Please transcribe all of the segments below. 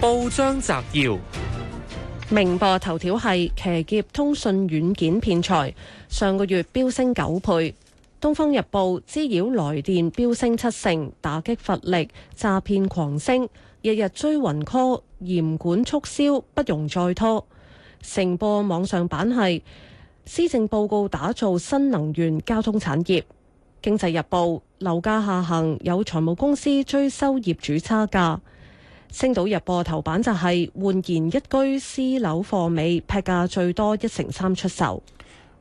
報章摘要：明報頭條係騎劫通訊軟件騙財，上個月飆升九倍。東方日報，滋擾來電飆升七成，打擊乏力詐騙狂升，日日追魂 call，嚴管促銷不容再拖。成報網上版係施政報告打造新能源交通產業。經濟日報樓價下行，有財務公司追收業主差價。星島日報頭版就係煥然壹居，私樓貨尾劈價最多一成三出售。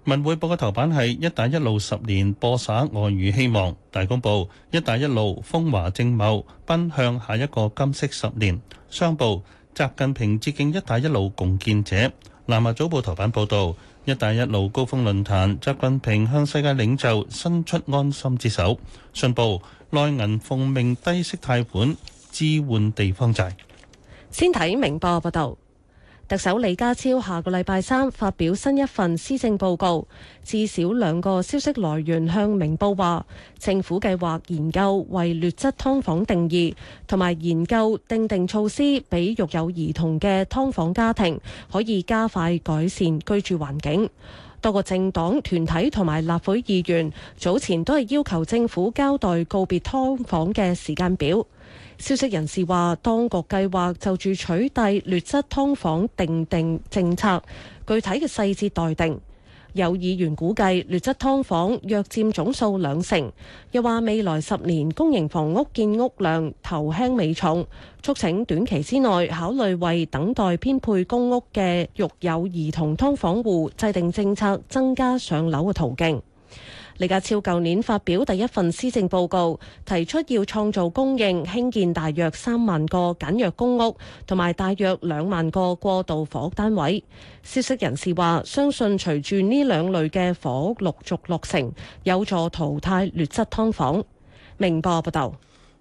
文匯報嘅頭版係“一帶一路十年播灑外語希望”，大公報“一帶一路風華正茂，奔向下一個金色十年”。商報習近平致敬“一帶一路”共建者。南華早報頭版報道“一帶一路高峰論壇，習近平向世界領袖伸出安心之手”。信報內銀奉命低息貸款。置換地方債。先睇明報、啊、報道，特首李家超下個禮拜三發表新一份施政報告，至少兩個消息來源向明報話，政府計劃研究為劣質劏房定義，同埋研究定定,定措施，俾育有兒童嘅劏房家庭可以加快改善居住環境。多個政黨團體同埋立會議員早前都係要求政府交代告別劏房嘅時間表。消息人士話，當局計劃就住取締劣質劏房訂定政策，具體嘅細節待定。有議員估計劣質劏房約佔總數兩成，又話未來十年公營房屋建屋量頭輕尾重，促請短期之內考慮為等待編配公屋嘅育有兒童劏房戶制定政策，增加上樓嘅途徑。李家超舊年發表第一份施政報告，提出要創造供應，興建大約三萬個簡約公屋，同埋大約兩萬個過渡房屋單位。消息人士話，相信隨住呢兩類嘅房屋陸續落成，有助淘汰劣質劏房。明報、啊、報道。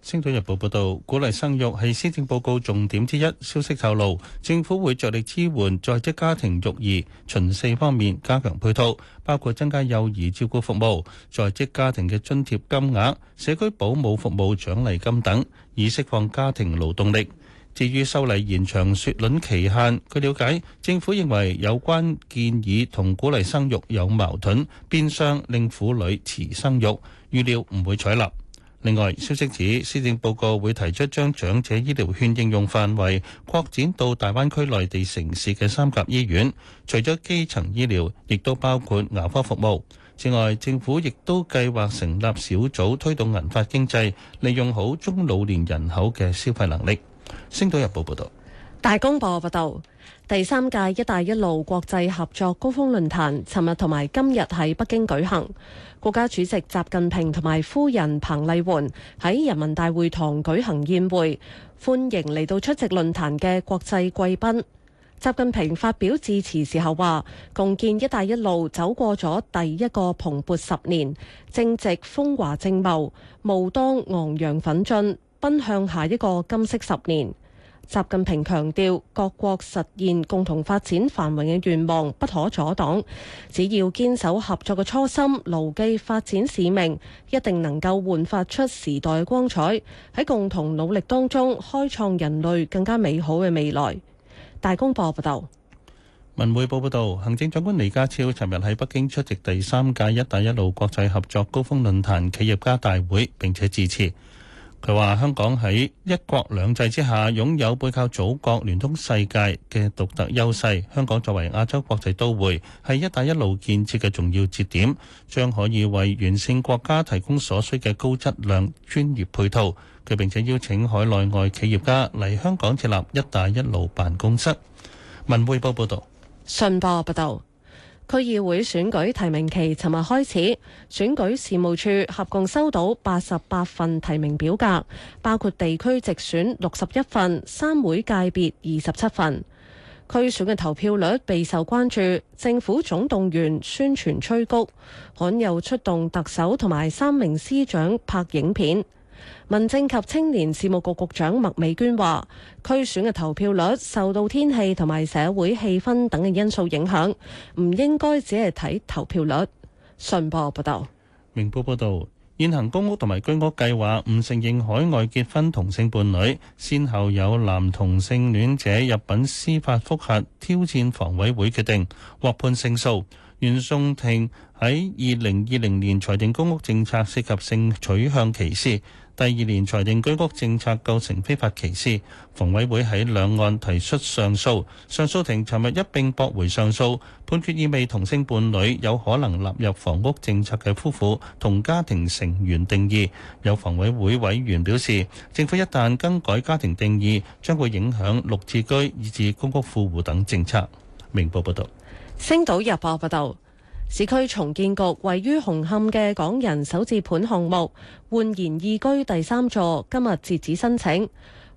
《星島日報》報道，鼓勵生育係施政報告重點之一。消息透露，政府會着力支援在職家庭育兒，循四方面加強配套，包括增加幼兒照顧服務、在職家庭嘅津貼金額、社區保姆服務獎勵金等，以釋放家庭勞動力。至於修例延長雪卵期限，據了解，政府認為有關建議同鼓勵生育有矛盾，變相令婦女遲生育，預料唔會採納。另外，消息指施政報告會提出將長者醫療券應用範圍擴展到大灣區內地城市嘅三甲醫院，除咗基層醫療，亦都包括牙科服務。此外，政府亦都計劃成立小組推動銀髮經濟，利用好中老年人口嘅消費能力。星島日報報導。大公報報道，第三屆“一帶一路”國際合作高峰論壇，尋日同埋今日喺北京舉行。國家主席習近平同埋夫人彭麗媛喺人民大會堂舉行宴會，歡迎嚟到出席論壇嘅國際貴賓。習近平發表致辭時候話：共建“一帶一路”走過咗第一個蓬勃十年，正值風華正茂，無當昂揚奮進，奔向下一個金色十年。習近平強調，各國實現共同發展繁榮嘅願望不可阻擋。只要堅守合作嘅初心，牢記發展使命，一定能夠煥發出時代光彩。喺共同努力當中，開創人類更加美好嘅未來。大公報報道，文匯報報道，行政長官李家超尋日喺北京出席第三屆“一帶一路”國際合作高峰論壇企業家大會，並且致辭。佢話：香港喺一國兩制之下，擁有背靠祖國、聯通世界嘅獨特優勢。香港作為亞洲國際都會，係一帶一路建設嘅重要節點，將可以為完善國家提供所需嘅高質量專業配套。佢並且邀請海內外企業家嚟香港設立一帶一路辦公室。文匯報報導，信報報道。區議會選舉提名期尋日開始，選舉事務處合共收到八十八份提名表格，包括地區直選六十一份，三會界別二十七份。區選嘅投票率備受關注，政府總動員宣傳催谷，罕有出動特首同埋三名司長拍影片。民政及青年事務局局長麥美娟話：區選嘅投票率受到天氣同埋社會氣氛等嘅因素影響，唔應該只係睇投票率。信報報道，明報報道，現行公屋同埋居屋計劃唔承認海外結婚同性伴侶。先後有男同性戀者入稟司法複核挑戰房委會決定，獲判勝訴。原訟庭喺二零二零年裁定公屋政策涉及性取向歧視。第二年裁定居屋政策構成非法歧視，房委會喺兩案提出上訴，上訴庭尋日一並駁回上訴，判決意味同性伴侶有可能納入房屋政策嘅夫婦同家庭成員定義。有房委會委員表示，政府一旦更改家庭定義，將會影響綠置居以至公屋富戶等政策。明報報導，星島日報報道。市區重建局位於紅磡嘅港人首置盤項目煥然懿居第三座今日截止申請，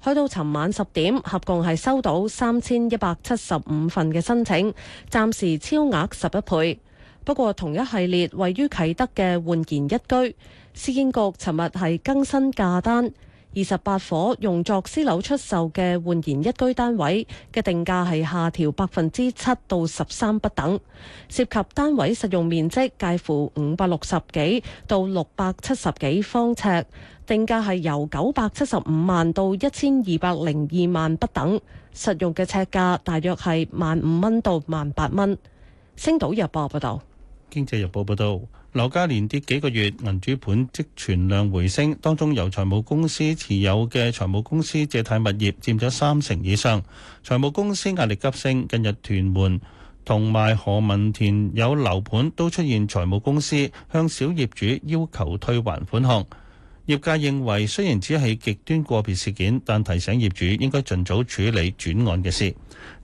去到尋晚十點，合共係收到三千一百七十五份嘅申請，暫時超額十一倍。不過同一系列位於啟德嘅煥然壹居，市建局尋日係更新價單。二十八伙用作私樓出售嘅煥然一居單位嘅定價係下調百分之七到十三不等，涉及單位實用面積介乎五百六十幾到六百七十幾方尺，定價係由九百七十五萬到一千二百零二萬不等，實用嘅尺價大約係萬五蚊到萬八蚊。星島日報報道，經濟日報報道。樓價連跌幾個月，銀主盤積存量回升，當中由財務公司持有嘅財務公司借貸物業佔咗三成以上，財務公司壓力急升。近日屯門同埋何文田有樓盤都出現財務公司向小業主要求退還款項。業界認為，雖然只係極端個別事件，但提醒業主應該盡早處理轉案嘅事。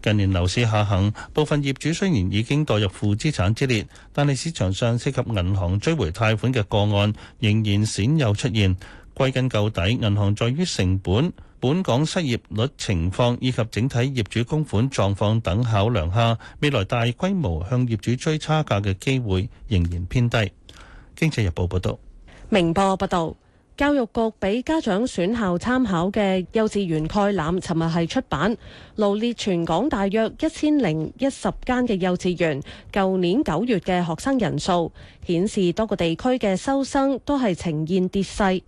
近年樓市下行，部分業主雖然已經墮入負資產之列，但係市場上涉及銀行追回貸款嘅個案仍然鮮有出現。歸根究底，銀行在於成本、本港失業率情況以及整體業主供款狀況等考量下，未來大規模向業主追差價嘅機會仍然偏低。經濟日報報道，明報報道。教育局俾家長選校參考嘅幼稚園概覽，尋日係出版，羅列全港大約一千零一十間嘅幼稚園，舊年九月嘅學生人數顯示，多個地區嘅收生都係呈現跌勢。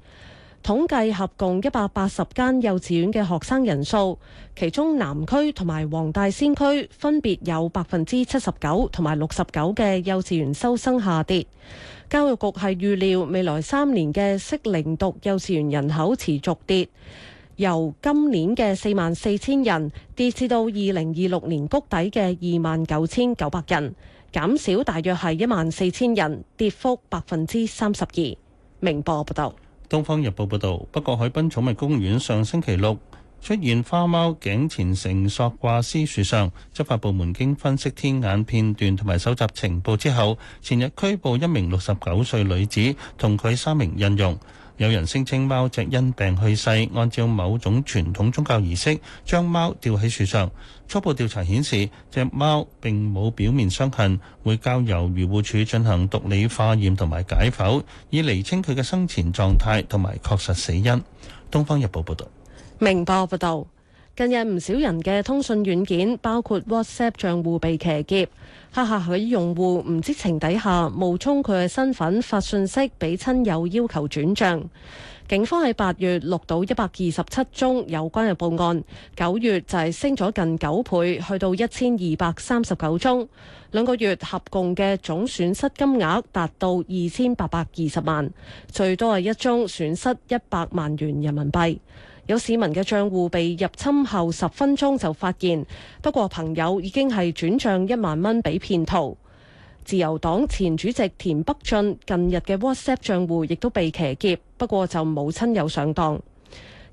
統計合共一百八十間幼稚園嘅學生人數，其中南區同埋黃大仙區分別有百分之七十九同埋六十九嘅幼稚園收生下跌。教育局係預料未來三年嘅適齡讀幼稚園人口持續跌，由今年嘅四萬四千人跌至到二零二六年谷底嘅二萬九千九百人，減少大約係一萬四千人，跌幅百分之三十二。明報報道。《東方日報》報導，北角海濱寵物公園上星期六出現花貓頸前繩索掛屍樹上，執法部門經分析天眼片段同埋搜集情報之後，前日拘捕一名六十九歲女子同佢三名印傭。有人聲稱貓隻因病去世，按照某種傳統宗教儀式將貓吊喺樹上。初步調查顯示，隻貓並冇表面傷痕，會交由漁護署進行毒理化驗同埋解剖，以厘清佢嘅生前狀態同埋確實死因。東方日報報道。明報報道，近日唔少人嘅通訊軟件，包括 WhatsApp 賬戶被騎劫。黑客喺用戶唔知情底下冒充佢嘅身份發信息俾親友要求轉賬。警方喺八月錄到一百二十七宗有關嘅報案，九月就係升咗近九倍，去到一千二百三十九宗。兩個月合共嘅總損失金額達到二千八百二十萬，最多係一宗損失一百萬元人民幣。有市民嘅帳戶被入侵後十分鐘就發現，不過朋友已經係轉帳一萬蚊俾騙徒。自由黨前主席田北俊近日嘅 WhatsApp 帳戶亦都被騎劫，不過就冇親友上當。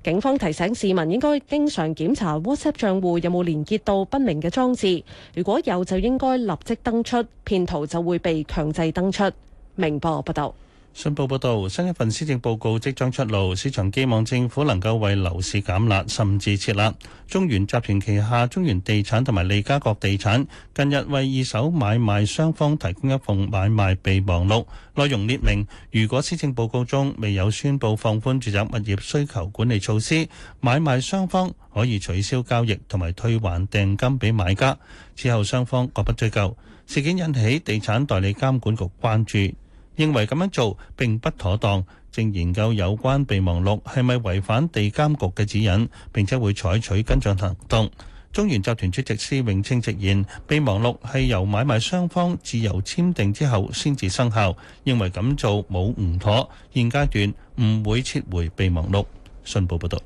警方提醒市民應該經常檢查 WhatsApp 帳戶有冇連結到不明嘅裝置，如果有就應該立即登出，騙徒就會被強制登出。明報報道。信報報道，新一份施政報告即將出爐，市場寄望政府能夠為樓市減辣甚至撤辣。中原集團旗下中原地產同埋利嘉閣地產近日為二手買賣雙方提供一份買賣備忘錄，內容列明，如果施政報告中未有宣佈放寬住宅物業需求管理措施，買賣雙方可以取消交易同埋退還定金俾買家，之後雙方各不追究。事件引起地產代理監管局關注。認為咁樣做並不妥當，正研究有關備忘錄係咪違反地監局嘅指引，並且會採取跟進行動。中原集團主席施永青直言，備忘錄係由買賣雙方自由簽訂之後先至生效，認為咁做冇唔妥，現階段唔會撤回備忘錄。信報報道。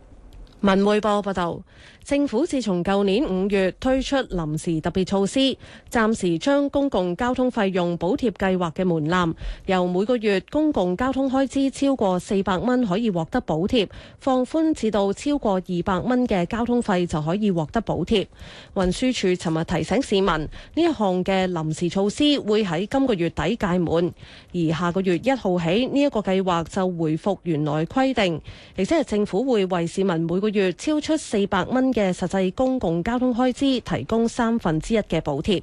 文匯報報道，政府自從舊年五月推出臨時特別措施，暫時將公共交通費用補貼計劃嘅門檻由每個月公共交通開支超過四百蚊可以獲得補貼，放寬至到超過二百蚊嘅交通費就可以獲得補貼。運輸署尋日提醒市民，呢一項嘅臨時措施會喺今個月底屆滿，而下個月一號起呢一個計劃就回復原來規定，亦即係政府會為市民每個。每月超出四百蚊嘅實際公共交通開支，提供三分之一嘅補貼。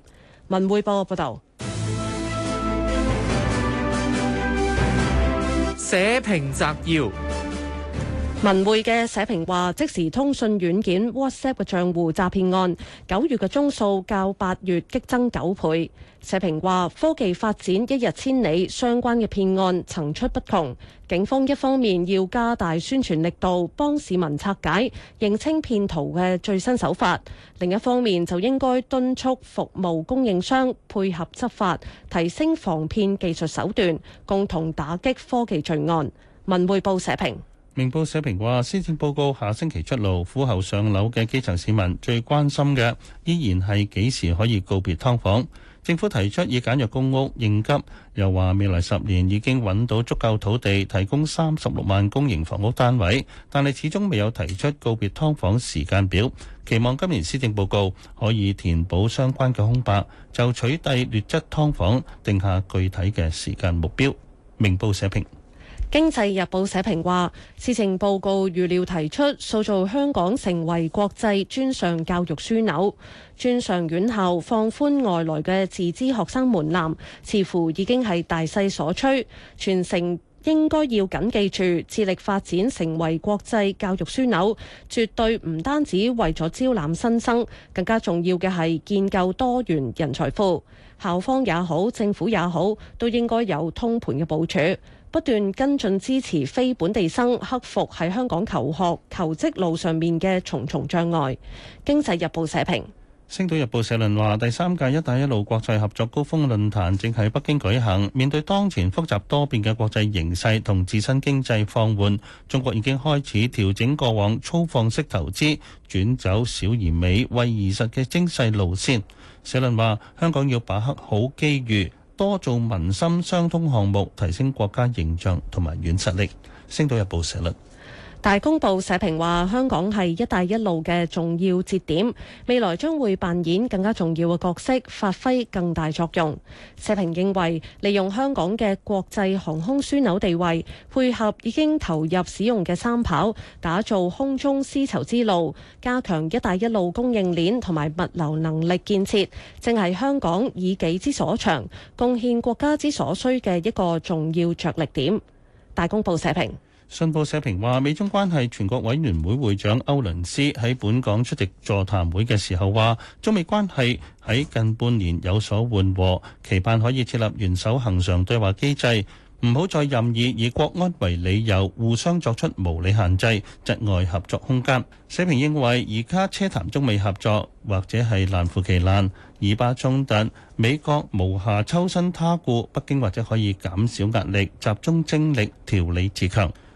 文匯報報道：社評摘要。文匯嘅社評話，即時通訊軟件 WhatsApp 嘅賬戶詐騙案，九月嘅宗數較八月激增九倍。社評話科技發展一日千里，相關嘅騙案層出不窮。警方一方面要加大宣傳力度，幫市民拆解認清騙徒嘅最新手法；另一方面就應該敦促服務供應商配合執法，提升防騙技術手段，共同打擊科技罪案。文匯報社評。明報社評話，施政報告下星期出爐，苦候上樓嘅基層市民最關心嘅，依然係幾時可以告別劏房。政府提出以簡約公屋應急，又話未來十年已經揾到足夠土地提供三十六萬公營房屋單位，但係始終未有提出告別劏房時間表。期望今年施政報告可以填補相關嘅空白，就取締劣質劏房，定下具體嘅時間目標。明報社評。《經濟日報》社評話：施政報告預料提出塑造香港成為國際專上教育樞紐，專上院校放寬外來嘅自資學生門檻，似乎已經係大勢所趨。全城應該要緊記住，致力發展成為國際教育樞紐，絕對唔單止為咗招攬新生，更加重要嘅係建構多元人才庫。校方也好，政府也好，都應該有通盤嘅部署。不斷跟進支持非本地生克服喺香港求學求職路上面嘅重重障礙。經濟日報社評，星島日報社論話：第三屆「一帶一路」國際合作高峰論壇正喺北京舉行。面對當前複雜多變嘅國際形勢同自身經濟放緩，中國已經開始調整過往粗放式投資，轉走小而美、微而實嘅精細路線。社論話：香港要把握好機遇。多做民心相通項目，提升國家形象同埋軟實力。星島日報社論。大公報社評話香港係一帶一路嘅重要節點，未來將會扮演更加重要嘅角色，發揮更大作用。社評認為，利用香港嘅國際航空樞紐地位，配合已經投入使用嘅三跑，打造空中絲綢之路，加強一帶一路供應鏈同埋物流能力建設，正係香港以己之所長，貢獻國家之所需嘅一個重要着力點。大公報社評。信報社評話，美中關係全國委員會會長歐倫斯喺本港出席座談會嘅時候話，中美關係喺近半年有所緩和，期盼可以設立元首恆常對話機制，唔好再任意以國安為理由互相作出無理限制，窒礙合作空間。社評認為，而家車談中美合作或者係難乎其難，以巴衝突美國無暇抽身他顧，北京或者可以減少壓力，集中精力調理自強。